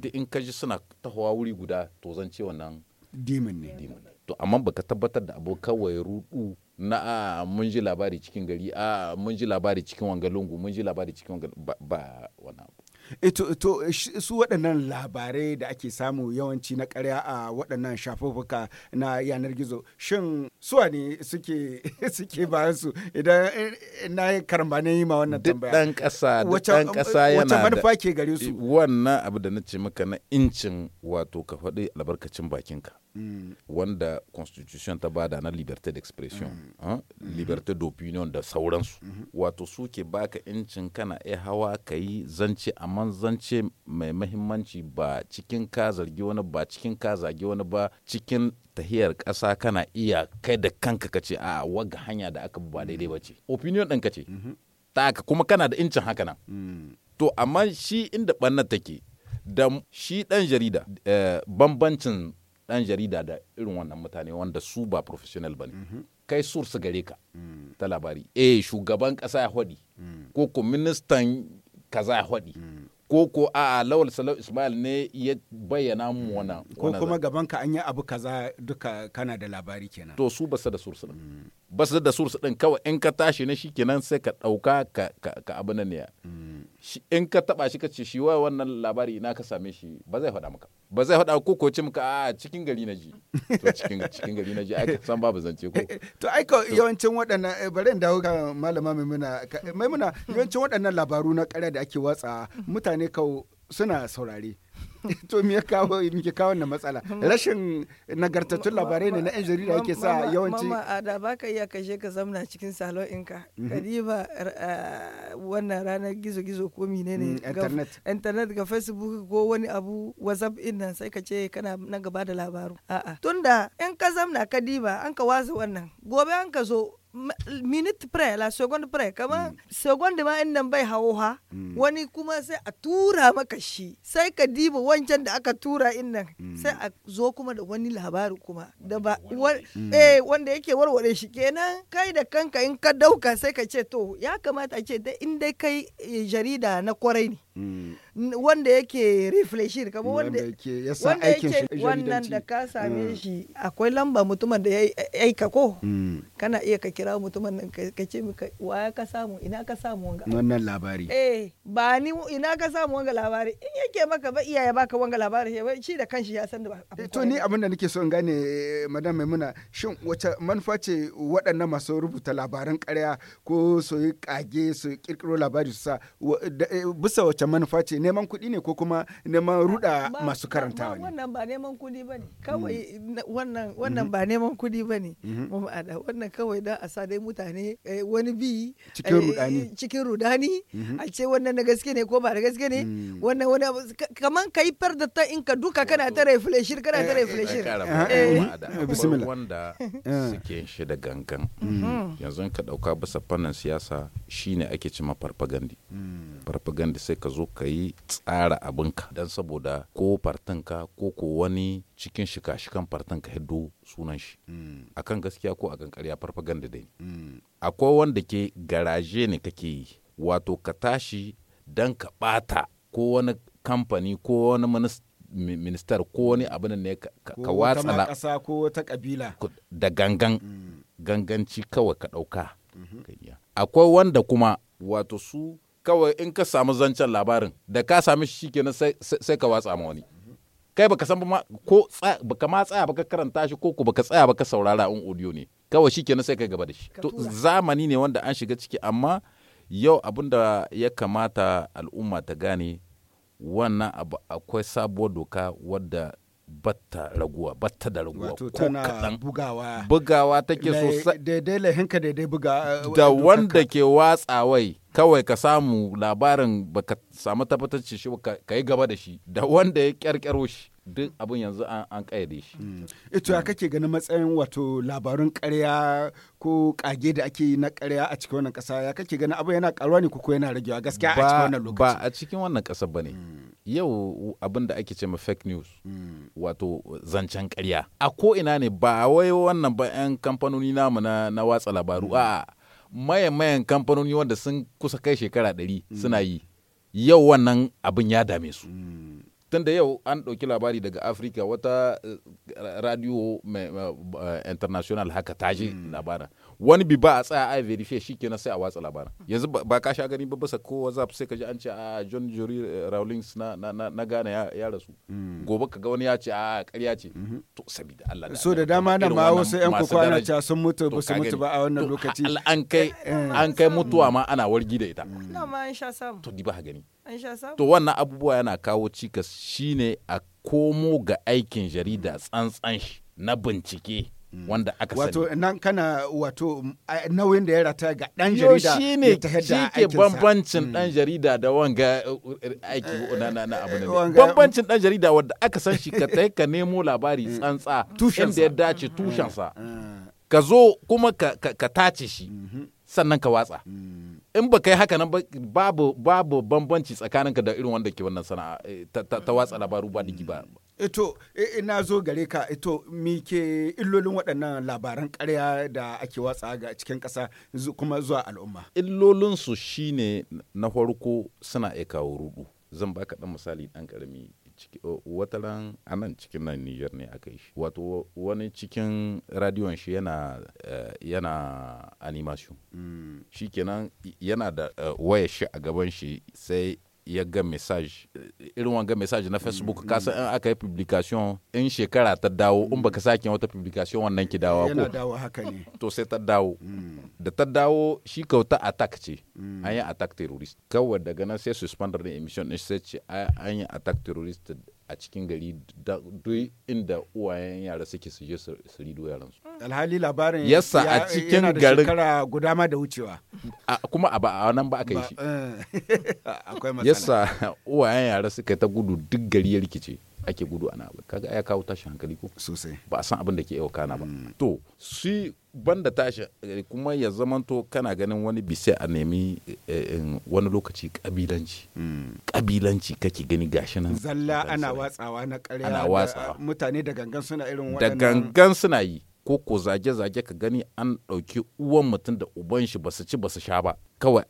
duk in ka ji suna tahowa wuri guda to zan ce wannan demon ne demon ne to amma baka tabbatar da abu kawai rudu na a mun ji labari cikin gari a mun ji labari cikin wangalungu mun ji labari cikin ba wani abu Eh, to, to su waɗannan labarai da ake samu yawanci na ƙarya a waɗannan shafuffuka na yanar gizo shin suwa ne suke suke bayan su idan eh, na yi karamba yi ma wannan tambaya ɗan ƙasa ɗan ƙasa yana da manufa ke gare su wannan abu da na ce maka na incin wato ka faɗi albarkacin bakinka mm. wanda constitution ta bada na liberté d'expression mm. ah, mm-hmm. liberté d'opinion da sauransu mm-hmm. wato suke baka incin kana iya hawa ka yi zance a amma zance mai mahimmanci ba cikin ka zargi wani ba cikin ka zagi wani ba cikin tahiyar kasa kana iya kai da kanka ka ce a waga hanya da aka ba daidai ba ce mm. opinion ka ce mm-hmm. ta kuma kana da incin haka nan mm. to amma shi inda ɓannar take da shi ɗan jarida eh, bambancin ɗan jarida da irin wannan mutane wanda su ba professional ba ne mm-hmm. kai source gare ka mm. ta labari eh shugaban kasa ya haɗi ko ko ministan kaza ya haɗi ko ko a lawal salau ismail ne ya bayyana mu mm. wana ko kuma gaban ka an yi abu kaza duka kana da labari kenan to su basu da source din mm. basu da source din kawai in ka tashi ne shikenan sai ka dauka ka ka, ka abu ne in ka taba shi ka ce shi wai wannan labari na ka same shi ba zai faɗa maka ba zai faɗa ko ko ci maka a cikin gari na ji to cikin cikin gari na ji ai san babu zance ko to ai ko yawancin waɗannan eh, bari in dawo ga malama Maimuna Maimuna yawancin waɗannan labaru na ƙarya da ake watsa mutane ka suna saurare to me ya kawo me kawo wannan matsala rashin nagartattun labarai ne na yan jarida yake sa yawanci mama da baka iya kashe ka zamna cikin salon ɗinka mhm. kadiba eh, wannan ranar gizo gizo ko mine ne mm, internet internet ga facebook ko wani abu whatsapp din nan sai ka ce kana na gaba da labaru a'a tunda in ka zamna kadiba an ka waza wannan gobe an ka zo minit pre la second pre kamar mm. second ma in nan bai hawo ha mm. wani kuma sai a tura maka shi sai ka diba wancan da aka tura in nan mm. sai a zo kuma da wani labari kuma da ba eh wanda yake warware shi kenan kai da kanka in ka dauka sai ka ce to ya kamata a ce in dai kai eh, jarida na kwarai ne wanda yake reflection kama wanda yake wannan da ka same mm. shi akwai lamba mutumin da ya aika ko mm. kana iya ka kira mutumin nan ka ce waya ka samu ina ka samu wanga wannan labari eh ba ni ina ka samu wanga labari in yake maka ba iyaye baka wanga labari shi da kanshi ya san da ba eh, to ni abin da nake so in gane eh, madam maimuna shin wace manufa ce waɗannan masu rubuta labaran ƙarya ko su yi kage su kirkiro labari su sa eh, bisa wace manufa ce neman kuɗi ne ko kuma neman ruɗa ah, masu karantawa ne wannan ba neman kuɗi ba ne hmm. kawai wannan wannan hmm. ba neman kuɗi ba ne hmm. wannan kawai da a sa dai mutane eh, wani bi cikin eh, rudani a ce wannan na gaske ne ko ba da gaske ne wannan wani kaman kai far da ta in ka duka kana ta refleshir kana ta refleshir eh, wanda suke shi da gangan yanzu ka dauka bisa fannin siyasa shine ake cima farfagandi farfagandi sai ka zo ka yi tsara abinka don saboda ko fartanka ko ko wani cikin shika-shikan fartanka hiddo sunan shi mm. kan gaskiya ko a akan farfa ganda dai mm. akwai wanda ke garaje ne kake yi wato ka tashi don ka bata. ko wani kamfani ko wani ministar ko wani abin ne ka watsa na ƙasa ko wata kabila. da gangan mm. ganganci kawai ka ɗauka mm-hmm. akwai wanda kuma wato su kawai in ka samu zancen labarin da ka sami shi kenan sai ka watsa ma wani kai baka san ba ko baka ma tsaya baka karanta shi ko baka tsaya baka saurara in audio ne kawai shi kenan sai kai gaba da shi to zamani ne wanda an shiga ciki amma yau abin da ya kamata al'umma ta gane wannan abu akwai sabuwar doka wadda batta raguwa batta da raguwa ko kaɗan bugawa bugawa take so daidai lahinka daidai buga da eh, wanda ke watsawai kawai ka samu labarin ba ka samu tabbatacce shi ka yi gaba da shi da wanda ya kyarkyaro shi duk abin yanzu an kayyade shi. Ito mm. eh, ya kake ganin matsayin wato labarun karya ko kage da ake yi na karya a cikin wannan kasa ya kake ganin abin yana karuwa ne ko yana ragewa gaskiya a cikin wannan lokaci. Ba a cikin wannan kasa ba ne. Mm. Yau abin da ake ce ma fake news mm. wato zancen karya. A ko ina ne ba wai wannan ba 'yan kamfanoni namu na watsa labaru a'a mayan kamfanoni wanda sun kusa kai shekara ɗari suna yi yau wannan abin ya dame su tun da yau an ɗauki labari daga afirka wata eh, radio eh, international haka ta je mm. labarin wani bi ba a tsaya a verify kenan sai a watsa labarin yanzu ba ka sha gani ba ko whatsapp sai ka ji an ce a ah, John Jory eh, Rawlings na na gana ya rasu hmm. gobe ka ga wani ya ce a ah, ƙarya ce mhm. to sabida Allah so da dama na ma wasu yan koko ana cewa sun mutu ba su mutu ba a wannan lokaci an kai eh, eh. an kai mutuwa ma ana wargi da ita na hmm. ma an sha samu to di ba gani an sha samu to wannan abubuwa yana kawo cikas shine a komo ga aikin jarida tsantsan shi na bincike Mm. wanda aka sani. Wato nan kana wato mm, nauyin da ya rata ga ɗan jarida shi ne shi ke bambancin ɗan mm. jarida da wanga uh, uh, er, aiki eh, na na na abu ne. Eh, bambancin ɗan jarida wanda aka san shi ka tai ka nemo labari tsantsa inda ya dace tushensa. Eh. Ka zo kuma ka tace shi mm-hmm. sannan ka watsa. in ba kai haka nan babu babu bambanci tsakaninka da irin wanda ke wannan sana'a ta watsa labaru ba digi ba Ito, ina eh, eh, zo gare ka, ito, mike ke illolin waɗannan labaran ƙarya da ake watsa ga cikin ƙasa kuma zuwa al'umma? Illolinsu shi ne na farko suna iya kawo rudu. Zan baka ɗan misali ɗan ƙarami. ran a nan cikin nan Nijar ne aka yi shi. Wato wani cikin radiyon shi yana eh, yana animation. Mm. Shi kenan yana da waya shi a gaban shi sai ya ga message irin wanga message na facebook mm, ka san mm. in aka yi publication in shekara ta dawo in baka sake wata publication wannan ki dawo ko dawo haka ne to sai ta dawo mm. da ta dawo shi kauta attack ce an yi attack terrorist kawai daga nan sai suspender da emission ne sai ce an yi attack terrorist a cikin gari duk inda uwayen yara suke su je su rido su. Alhali labarin yasa a cikin garin shekara guda ma da wucewa. Kuma a nan ba aka yi shi. Eh, akwai Yasa uwayen yara suka ta gudu duk gari ya rikice. ake gudu ana abu kaga ya kawo tashin hankali ko sosai ba a san abin da ke yau kana ba mm. to shi banda tashi eh, kuma ya zamanto kana ganin wani bise a nemi eh, eh, wani lokaci kabilanci kabilanci mm. kake gani gashi nan zalla ana watsawa na ƙarya ana watsawa mutane da gangan suna irin waɗannan da gangan suna yi ko ko zage-zage ka gani an ɗauki uwan mutum da uban shi basu ci basu sha ba kawai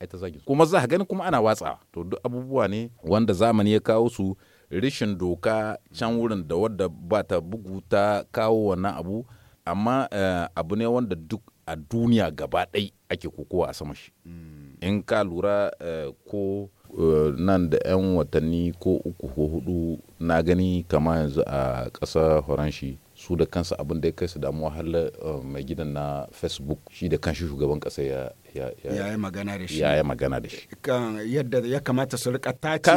a ta zagin kuma za ka gani kuma ana watsawa to duk abubuwa ne wanda zamani ya kawo su rishin doka can wurin da wadda ba ta bugu ta kawo wannan abu amma eh, abu ne wanda duk a duniya gaba ɗai ake kokowa a sama shi mm. in ka lura eh, ko eh, nan da 'yan watanni ko uku ko hudu na gani kama yanzu a ƙasa horanshi su da kansa abin da ya kai su damuwa har mai gidan na facebook shi da kanshi shugaban ƙasa ya yi magana da shi ya yi magana da shi kan yadda ya kamata su rika tace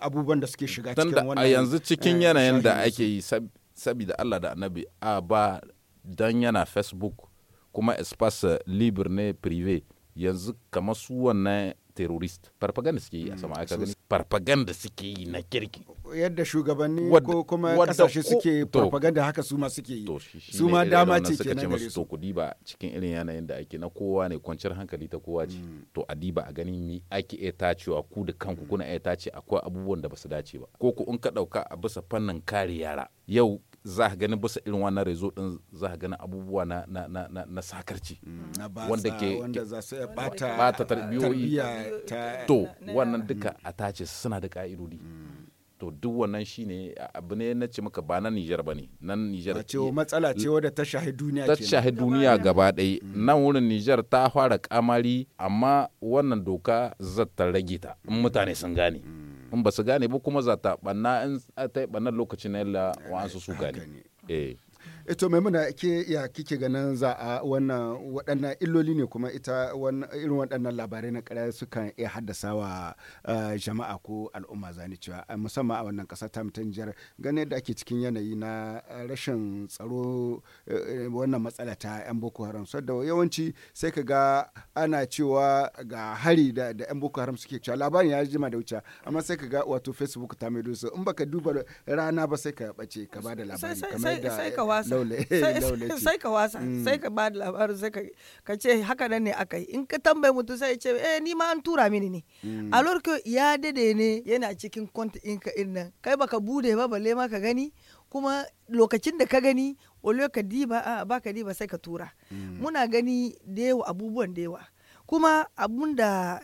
abubuwan da suke shiga cikin wannan a yanzu cikin eh, yanayin da ake yi saboda Allah da Annabi a ba dan yana Facebook kuma espace libre ne privé yanzu kamar su wannan terrorist propaganda suke yi a sama aka gani propaganda suke yi na kirki yadda shugabanni ko kuma kasashe suke propaganda haka su ma suke yi su ma dama ce kenan gare su to kudi ba cikin irin yanayin da ake na kowa ne kwanciyar hankali ta kowa ce mm. to a diba a ganin mi ake iya tacewa ku da kanku kuna iya tace akwai abubuwan da basu dace ba ko ku in ka dauka a bisa fannin kare yara yau za ka gani bisa irin wannan rezo din za ka gani abubuwa na na na na, na sakarci mm, wanda ke wanda za su bata bata tarbiyoyi to wannan duka a tace suna da ka'idodi mm. to duk wannan shine abu ne na ce maka ba na Nijar ba ne nan Nijar ce matsala ce wadda ta shahi duniya ta shahi duniya gaba ɗaya mm. nan wurin Nijar ta fara kamari amma wannan doka zata rage ta in mutane sun gane mm. in ba su gane ba kuma za ta banna in ta yi bannan lokacin yalla eh, wa'ansu su gane eh Ito eh, mai muna ke ya kike ganin za a wannan waɗannan illoli ne kuma ita irin waɗannan labarai na ƙarya sukan iya haddasa wa eh, jama'a ko al'umma zane cewa eh, musamman a wannan ƙasa ta mutan jihar ganin da ake cikin yanayi na rashin tsaro wannan matsala ta 'yan boko haram so da yawanci sai ka ga ana cewa ga hari da 'yan boko haram suke cewa labarin ya jima da wuce amma sai ka ga wato facebook ta mai su in baka duba rana ba sai ka bace ka ba da labari kamar da wasa sai ka wasa mm. sai ka ba da labarin sai ka ce haka nan ne aka yi in ka tambaye mutum sai ce eh ni ma an tura mini ne mm. a lokacin ya dade ne yana cikin kwanta ka in nan kai baka bude ba balle ma ka gani kuma lokacin da ka gani ole ka diba a ba ka diba sai ka tura mm. muna gani da yawa abubuwan da yawa kuma abun da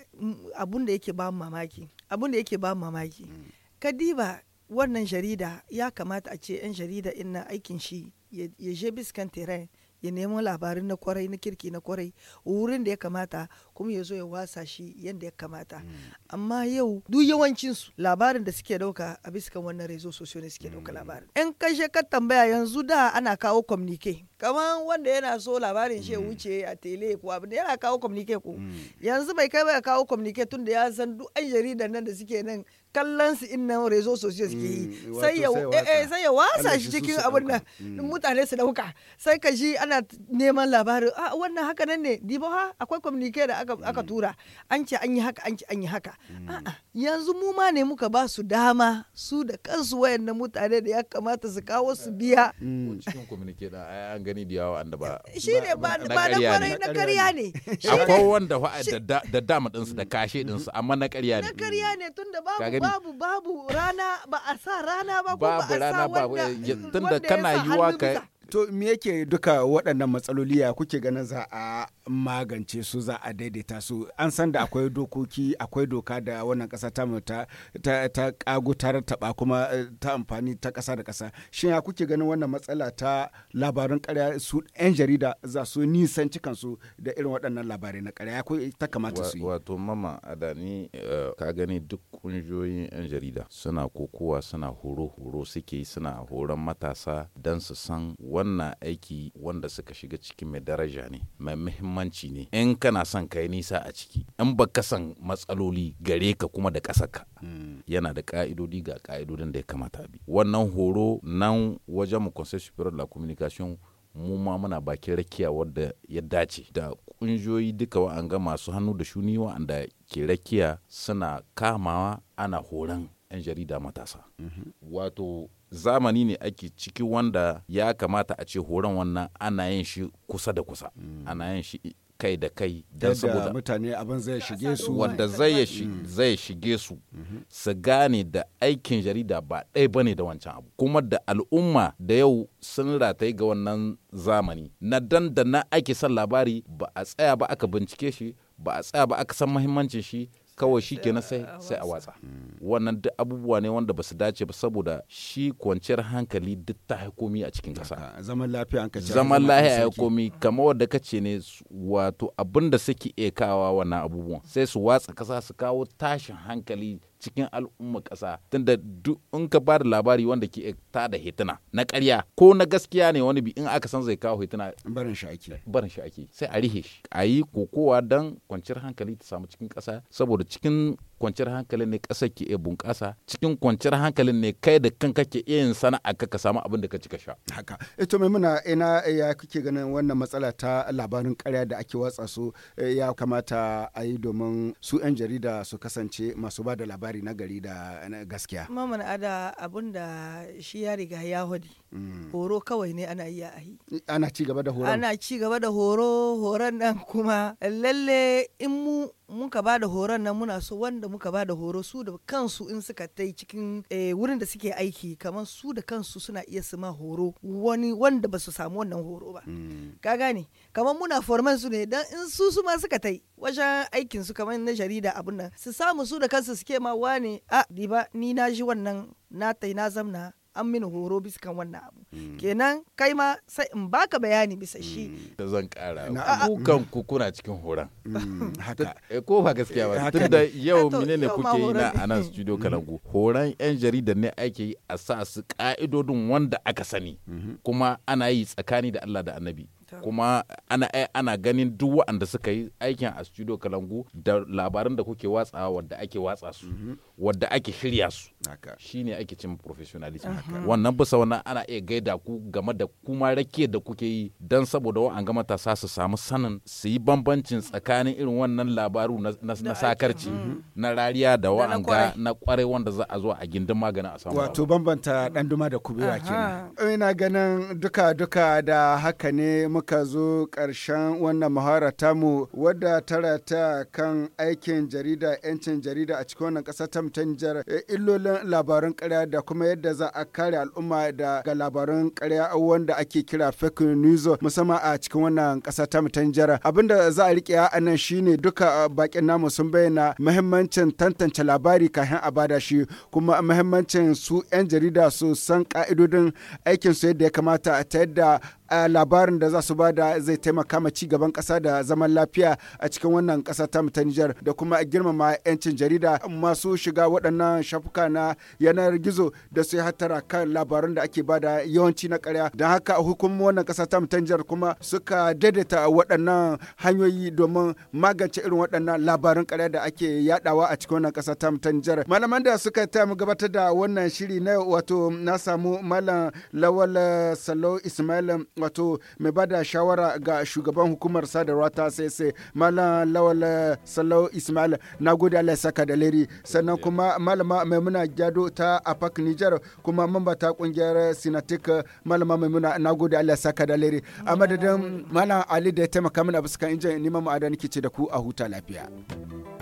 yake ba mamaki abun da yake ba mamaki ka diba wannan jarida ya kamata a ce 'yan jarida in na aikin shi ya je biskan terrain ya nemo labarin na kwarai na kirki na kwarai wurin da ya kamata kuma ya zo ya wasa shi yadda ya kamata hmm. amma yau duk yawancin su labarin da suke dauka a biskan wannan rezo sosiyo ne suke dauka hmm. labarin yan kashe ka tambaya yanzu da ana kawo communique kamar wanda yana so labarin shi ya hmm. wuce a tele ko abin yana kawo communique ko yanzu bai kai ba ya kawo communique tun da ya san duk an jaridar nan da suke nan kallon su in nan rezo sosai ke yi mm, sai ya sai ya wasa eh, eh, shi cikin abin nan mm. mutane su dauka sai ka ji ana neman labarin a ah, wannan haka nan ne dibo ha akwai communique da aka mm. tura an ce an yi haka an ce an yi haka yanzu mu ma ne muka ba su dama su da kansu wayannan mutane da ya kamata su kawo su biya cikin communique da an gani da yawa da ba eh, shi ne ba na kwarai na ne akwai wanda da dama ɗinsu da kashe ɗinsu amma na ƙarya ne na ƙarya ne tunda babu babu babu rana ba a sa rana ba ko ba a sa wanda eh, tunda kana yiwa ka to me yake duka waɗannan matsaloli ya kuke ganin za a magance su za a daidaita su an san da akwai dokoki akwai doka da wannan kasa ta ta ta, ta kagutar taba kuma eh, ta amfani ta kasa da kasa shin ya kuke ganin wannan matsala ta labarun karya su yan jarida za su cikan su da irin waɗannan labarai na karya ko ta kamata su yi wato mama adani eh, ka gani duk kungiyoyin yan jarida suna kokowa suna horo horo suke suna horon matasa dan su san wannan aiki wanda suka shiga cikin mai daraja ne mai muhimmanci muhimmanci ne in kana son kai nisa a ciki in ba ka san matsaloli gare ka kuma da ka. yana da ka'idodi ga ka'idodin da ya kamata bi wannan horo nan wajen mu conseil superior de la communication mu ma muna bakin rakiya wadda ya dace da kunjoyi duka wa'anga masu hannu da shuni wa'anda ke rakiya suna kamawa ana horon 'yan jarida matasa mm-hmm. wato zamani ne ake ciki wanda ya kamata a ce horon wannan ana yin shi kusa da kusa mm. ana yin shi kai da kai don saboda mutane abin zai shige su wanda mm. zai shige su mm-hmm. su gane da aikin jarida ba ɗaya bane da wancan abu kuma da al'umma da yau sun rataye ga wannan zamani na dan da na ake son labari ba a tsaya ba aka bincike shi ba a tsaya ba aka san muhimmancin shi kawai shi ke sai sai a watsa mm. wannan duk abubuwa ne wanda ba su dace ba saboda shi kwanciyar hankali duk ta haikomi a cikin kasa zaman lafiya an kace zaman lafiya ya komi kamar wanda kace ne wato abinda da suke iya kawa wannan abubuwan sai su watsa kasa su kawo tashin hankali cikin al'umma ƙasa tunda duk in ka ba da labari wanda ke ta da hituna na ƙarya ko na gaskiya ne wani bi in aka san zai kawo hituna barin shi ake barin shi ake sai a rihe shi a yi kokowa don kwanciyar hankali ta samu cikin ƙasa saboda cikin kwanciyar hankalin ne ƙasar ke iya bunƙasa cikin kwanciyar hankalin ne kai da kanka ke iya yin sana'a ka ka samu abin da ka ci ka sha haka ito eh, mai muna ina eh, ya kuke ganin wannan matsala ta labarin ƙarya da ake watsa su eh, ya kamata a yi domin su 'yan jarida su kasance masu ba da labari na gari da gaskiya mamman ada abun da shi ya riga ya hudi mm. horo kawai ne ana iya a yi ana ci gaba da horo ana ci gaba da horo horon nan kuma lalle in mu muka ba da horon nan muna so wanda muka ba da horo su da kansu in suka tai cikin eh, wurin da suke aiki kamar su da kansu suna iya su ma horo wani wanda ba su samu wannan horo ba mm. ka gane kamar muna forman su ne dan in su su ma suka tai wajen aikin su kamar na jarida abun nan su samu su da kansu suke ma wane a diba ni na ji wannan na tai na zamna an mini horo bisa wannan abu hmm. kenan kai ma sai in baka bayani bisa shi hmm. zan kara kukan ku kuna cikin horon hmm, haka eh, ko ba gaskiya ba da yau menene kuke yi na anan studio kalangu horon yan jarida ne ake yi a sa su ka'idodin wanda aka sani kuma ana yi tsakani da Allah da Annabi kuma ana eh, ana ganin duk waɗanda suka yi aikin a studio kalangu da labarin da kuke watsawa wadda ake watsa su mhm. wadda ake shirya su shine ake cin professionalism wannan bisa wannan ana iya gaida ku game da kuma rake da kuke yi dan saboda wa'an ga matasa su samu sanin su yi bambancin tsakanin irin wannan labaru na sakarci mhm. na rariya da wa'an ga na kwarai wanda za a zo a gindin maganin a samu wato bambanta dan duma da kubewa kenan ina eh, ganin duka duka da haka ne muka zo ƙarshen wannan muhara tamu wadda tara ta kan aikin jarida 'yancin jarida a cikin wannan ƙasa ta mutanjar e, illolin labarun ƙarya da kuma yadda za a kare al'umma da ga labarun ƙarya wanda ake kira fake news musamman a cikin wannan ƙasa ta mutanjar abinda za a riƙe a nan shine duka bakin namu sun bayyana muhimmancin tantance labari kafin a bada shi kuma muhimmancin su 'yan jarida su san ka'idodin aikinsu yadda ya kamata ta yadda A labarin da za su ba da zai taimaka ma ci gaban ƙasa da zaman lafiya a cikin wannan ƙasa ta ta Nijar da kuma girmama 'yancin jarida masu shiga waɗannan shafuka na yanar gizo da su hattara kan labaran da ake bada yawanci na karya don haka hukumomin wannan ƙasa ta ta Nijar kuma suka daidaita waɗannan hanyoyi domin magance irin waɗannan labarin ƙarya da ake yadawa a cikin wannan ƙasa ta ta Nijar malaman da suka ta mu gabatar da wannan shiri na wato na samu malam Lawal Salo Ismail wato mai ba da shawara ga shugaban hukumar sadarwa ta sai malam lawal eh, salau ismail na gode allah saka da leri sannan kuma malama maimuna gyado ta apak niger kuma mamba ta kungiyar sinatik eh, malama maimuna na gode allah saka da leri a madadin malam ali da ya taimaka mana a fuskan injin neman ma'adani ke ce da ku a huta lafiya.